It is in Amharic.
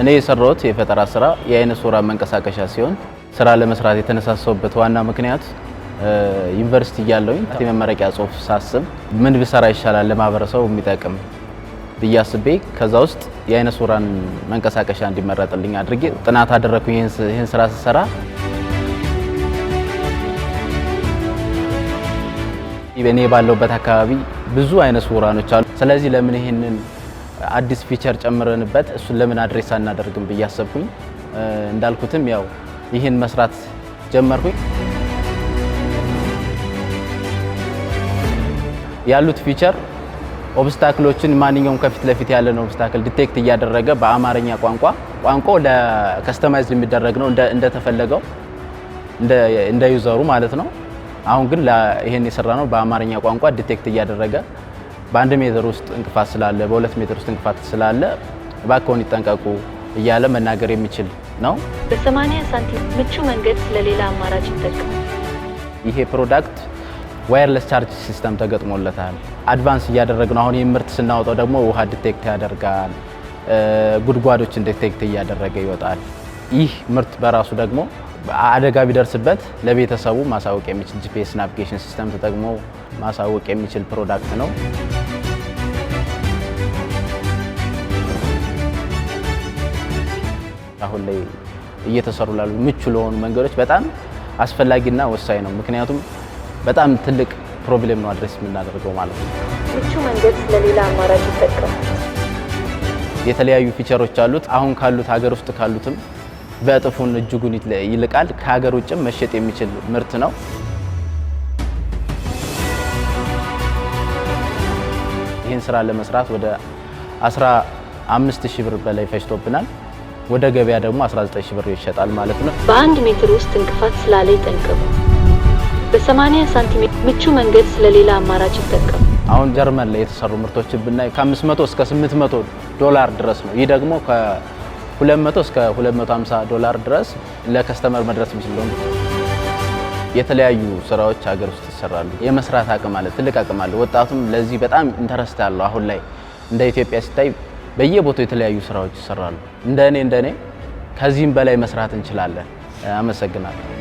እኔ የሰራሁት የፈጠራ ስራ የአይነ ሱራ መንቀሳቀሻ ሲሆን ስራ ለመስራት የተነሳሳሁበት ዋና ምክንያት ዩኒቨርሲቲ እያለሁኝ የመመረቂያ ጽሁፍ ሳስብ ምን ብሰራ ይሻላል ለማህበረሰቡ የሚጠቅም ብዬ አስቤ ከዛ ውስጥ የአይነ ስውራን መንቀሳቀሻ እንዲመረጥልኝ አድርጌ ጥናት አደረግኩ። ይህን ስራ ስሰራ እኔ ባለሁበት አካባቢ ብዙ አይነ ስውራኖች አሉ። ስለዚህ ለምን ይህንን አዲስ ፊቸር ጨምረንበት እሱን ለምን አድሬስ አናደርግም ብዬ አሰብኩኝ። እንዳልኩትም ያው ይህን መስራት ጀመርኩኝ። ያሉት ፊቸር ኦብስታክሎችን ማንኛውም ከፊት ለፊት ያለን ኦብስታክል ዲቴክት እያደረገ በአማርኛ ቋንቋ ቋንቋው ለከስተማይዝ የሚደረግ ነው እንደተፈለገው እንደ ዩዘሩ ማለት ነው። አሁን ግን ይሄን የሰራ ነው በአማርኛ ቋንቋ ዲቴክት እያደረገ በአንድ ሜትር ውስጥ እንቅፋት ስላለ፣ በሁለት ሜትር ውስጥ እንቅፋት ስላለ እባክዎን ይጠንቀቁ እያለ መናገር የሚችል ነው። በ80 ሳንቲም ምቹ መንገድ ስለሌላ አማራጭ ይጠቀም። ይሄ ፕሮዳክት ዋየርለስ ቻርጅ ሲስተም ተገጥሞለታል። አድቫንስ ነው። አሁን ይህ ምርት ስናወጣው ደግሞ ውሃ ዲቴክት ያደርጋል፣ ጉድጓዶችን ዲቴክት እያደረገ ይወጣል። ይህ ምርት በራሱ ደግሞ አደጋ ቢደርስበት ለቤተሰቡ ማሳወቅ የሚችል ጂፒኤስ ናቪጌሽን ሲስተም ተጠቅሞ ማሳወቅ የሚችል ፕሮዳክት ነው። አሁን ላይ እየተሰሩ ላሉ ምቹ ለሆኑ መንገዶች በጣም አስፈላጊና ወሳኝ ነው። ምክንያቱም በጣም ትልቅ ፕሮብሌም ነው አድረስ የምናደርገው ማለት ነው። ምቹ መንገድ ለሌላ አማራጭ ይጠቀም የተለያዩ ፊቸሮች አሉት። አሁን ካሉት ሀገር ውስጥ ካሉትም በእጥፉን እጅጉን ይልቃል። ከሀገር ውጭም መሸጥ የሚችል ምርት ነው። ይህን ስራ ለመስራት ወደ 15 ሺህ ብር በላይ ፈጅቶብናል። ወደ ገበያ ደግሞ 19 ሺህ ብር ይሸጣል ማለት ነው። በአንድ ሜትር ውስጥ እንቅፋት ስላለ ይጠንቀቁ። በ80 ሳንቲሜትር ምቹ መንገድ ስለሌላ አማራጭ ይጠቀሙ። አሁን ጀርመን ላይ የተሰሩ ምርቶችን ብናይ ከ500 እስከ 800 ዶላር ድረስ ነው። ይህ ደግሞ ከ200 እስከ 250 ዶላር ድረስ ለከስተመር መድረስ የሚችለው የተለያዩ ስራዎች ሀገር ውስጥ ይሰራሉ። የመስራት አቅም አለ፣ ትልቅ አቅም አለ። ወጣቱም ለዚህ በጣም ኢንተረስት አለው። አሁን ላይ እንደ ኢትዮጵያ ሲታይ በየቦታው የተለያዩ ስራዎች ይሰራሉ። እንደኔ እንደኔ ከዚህም በላይ መስራት እንችላለን። አመሰግናለሁ።